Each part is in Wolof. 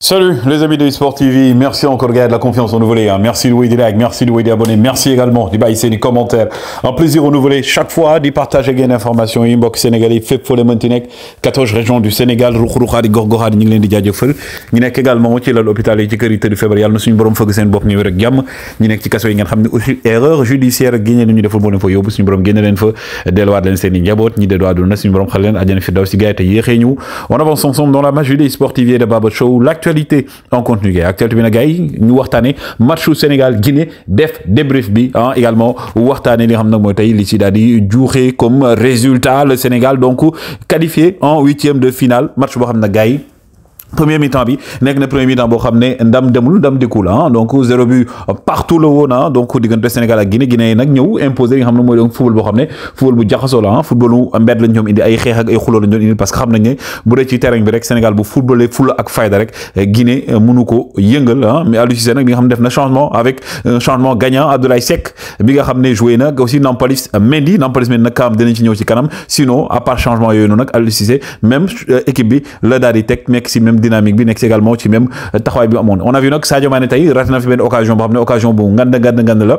Salut les amis de eSport TV, merci encore Gaël de la confiance renouvelée, hein. merci Louis des likes, merci Louis des abonnés, merci également de baisser les commentaires, un plaisir renouvelé chaque fois de partager des informations, inbox sénégalais, fait pour les Montenegro, 14 régions du Sénégal, Roukhoukha, Gorgora, Ninglen, Djadjofel, nous sommes également au l'hôpital et sécurité de février, nous sommes en train de bop ni rek jam ñi nek ci kasso yi ngeen xamni aussi erreur judiciaire gagné nañu deful bo leen fa yobbu suñu borom gënal leen fa delwaat leen seen njabot ñi delwaat dul na suñu borom xal leen aljana fi daw ci gaay té yéxé ñu on avance ensemble dans la magie des sportiviers de Baba Show l'actu actualité en contenu gars actualité bi nag match ñu Sénégal Guinée def débrief bi hein également waxtané li nga xam nag li ci di comme résultat le Sénégal donc qualifié en huitième de finale match bo xam gay premier mi-temps bi nekk na premier mi-temps bo xamné ndam demul ndam dikkul ah donc zéro but partout le wona ah. donc diggante Sénégal ak Guinée Guinée nak ñëw Imposer. li nga xam ne donc football bo xamné football bu jaxaso la ah. football bu mbedd la ñom indi ay xéx ak ay xulol lañ doon indi parce que xamnañ né bu dee ci terrain bi rek Sénégal bu footballé full ak fayda rek eh, Guinée eh, mënu ko yëngël ah. mais Aliou Cissé nak li nga xam def na changement avec un euh, changement gagnant Abdoulaye Seck bi nga xamné ne joué na aussi Nampalis Mendy Nampalis Mendy nag kaam dinañ ci ñëw ci kanam sinon à part changement yooyu nak nag Cissé même euh, équipe bi le daal di même dynamique bi nek également ci même euh, taxaway bi amone on a vu nak Sadio Mané tay raté na fi ben occasion bo xam occasion bu ngand ngand ngand la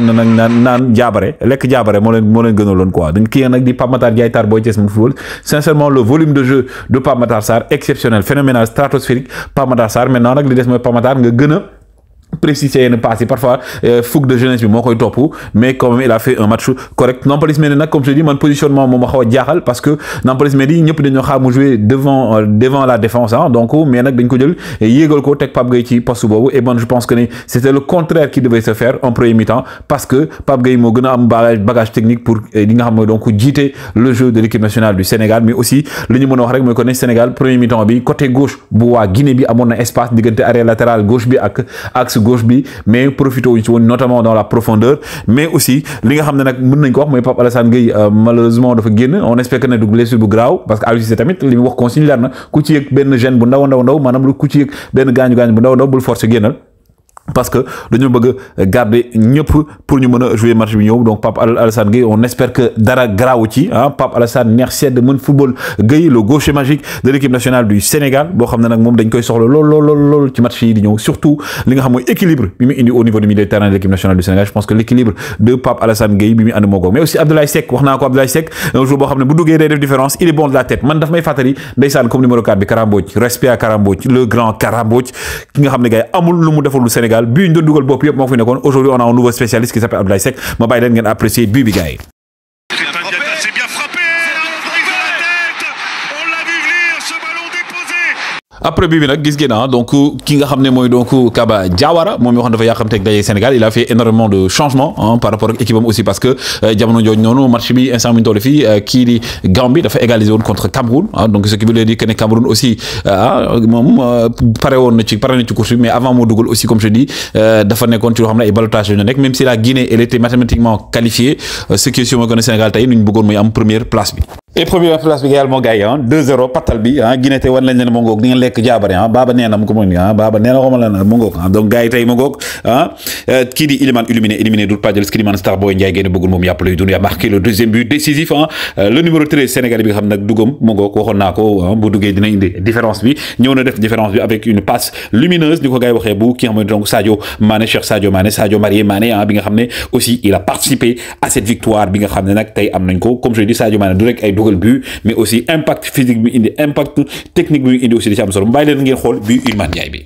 xam ne nag naan naan jaabare lekk jaabare mo len moo leen gënaloon quoi donc kii nak di pamatar Matar Tar Boy Thiès football sincèrement le volume de jeu de pamatar sar exceptionnel phénoménal stratosphérique pamatar sar mais maintenant nak li des moy pamatar nga gën précis yenn passe parfois euh, fougue de jeunesse mais quand même il a fait un match correct Nampalys Mendy nag comme je dis mon positionnement mon ma xaw a parce que Nampalys Mendy ñëpp dañoo xaar mu jouer devant euh, devant la défense hein, donc mais nag dañ ko jël yéegal ko teg Pape Gueye ci et ben je pense que c'était le contraire qui devait se faire en premier mi-temps parce que Pape a am bagage technique pour euh, li donc jiite le jeu de l'équipe nationale du Sénégal mais aussi li ñu de a wax rek Sénégal premier mi-temps bi côté gauche bois Guinée bi à espace diggante arrière latéral gauche bi ak axe gauche gauche bi mais profité wuñ ci woon dans la profondeur mais aussi li nga xam ne nag mën nañ ko wax mooy Pape Alassane Gueye euh, malheureusement dafa génn on espère que ne du blessure bu graaw parce que Aliou Cissé tamit li mu wax consigne leer na ku ci yëg benn gêne bu ndaw ndaw ndaw maanaam lu ku yëg benn gaañu gaañu bu ndaw ndaw bul force génnal parce que dañu bëgg garder ñëpp pour ñu mëna jouer match bi ñëw donc Pape Alassane Gueye on espère que dara graw ci hein Pape Alassane neex de mën football Gueye le gaucher magique de l'équipe nationale du Sénégal bo xamné nak mom dañ koy soxla lool lool ci match yi di ñëw surtout li nga xam moy équilibre bi mu indi au niveau du milieu de terrain de l'équipe nationale du Sénégal je pense que l'équilibre de Pape Alassane Gueye bi mu andi moko mais aussi Abdoulaye Seck waxna ko Abdoulaye Seck un joueur bo xamné bu duggé day def différence il est bon de la tête man daf may Fatali, ndeysaan comme numéro 4 bi Kara respect à Kara le grand Kara ki nga xamné gay amul lu mu defal Sénégal Sénégal bii ñu doon dugal bopp yëpp moo fi nekkoon aujourd'hui on a un nouveau spécialiste qui s'appelle Abdoulaye Seck ma bàyyi leen ngeen apprécier bii bi gars yi. C'est bien frappé après bi bi nag gis ngeen ah donc euh, ki nga xam ne mooy donc euh, Kaba Diawara moom yoo xam dafa yàqamte ak daje Sénégal il a fait énormément de changements hein, par rapport ak équipe am aussi parce que euh, jamono jooju noonu match bi instant bi ñu toll qui kii di Gambie dafa égaliser contre Cameroun ah, donc ce qui veut dire que ne Cameroun aussi ah moom pare woon na ci pare na ci course mais avant moo dugal aussi comme je dis dafa nekkoon ci loo xam ne ay balotage la même si la Guinée elle était mathématiquement qualifiée ce qui est sûr mooy que ne Sénégal tey nu ñu bëggoon mooy am première place bi et première place bi également gars yi 2-0 patalbi. bi ah Guinée tey war nañ leen mu ngoog di nga lekk jaabare ah Baba nee na mu ko mu ah Baba nee na xamal la ne mu ah donc gars yi tey mu ngoog ah kii di Iliman illuminé éliminé Doudou Padjalis Iliman Star Boy Ndiaye génn bëggul moom yàpp lay dund yaa marqué le deuxième but décisif ah le numéro 13 sénégalais bi nga xam nag dugam mu ngoog waxoon naa ko bu duggee dina indi différence bi ñëw na def différence bi avec une passe lumineuse ni ko gars yi waxee bu ki nga xam Sadio Mané Cheikh Sadio Mané Sadio Marie Mané ah bi nga xam aussi il a participé à cette victoire bi nga xam ne nag tey am nañ ko comme je dis Sadio Mané du rek ay dugal but mais aussi impact physique bi indi impact technique bi indi aussi da ci am ngeen xool but Iliman Ndiaye bi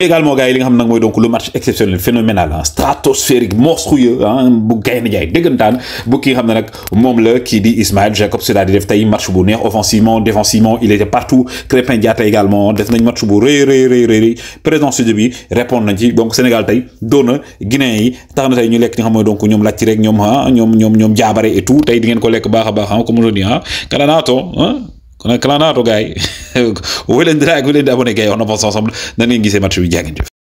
également donc le match exceptionnel phénoménal hein, stratosphérique monstrueux hein, ki Ismaël def match offensivement défensivement il était partout Crépin également def match présence de donc Sénégal tay donne, Guinée yi tax na ñu xam donc ñom lacc rek hein, et tout on kon nag kalaan naa to gars yi wéy leen di like wéy leen di abonné gars yi wax na fa ensemble nan ngeen bi jaa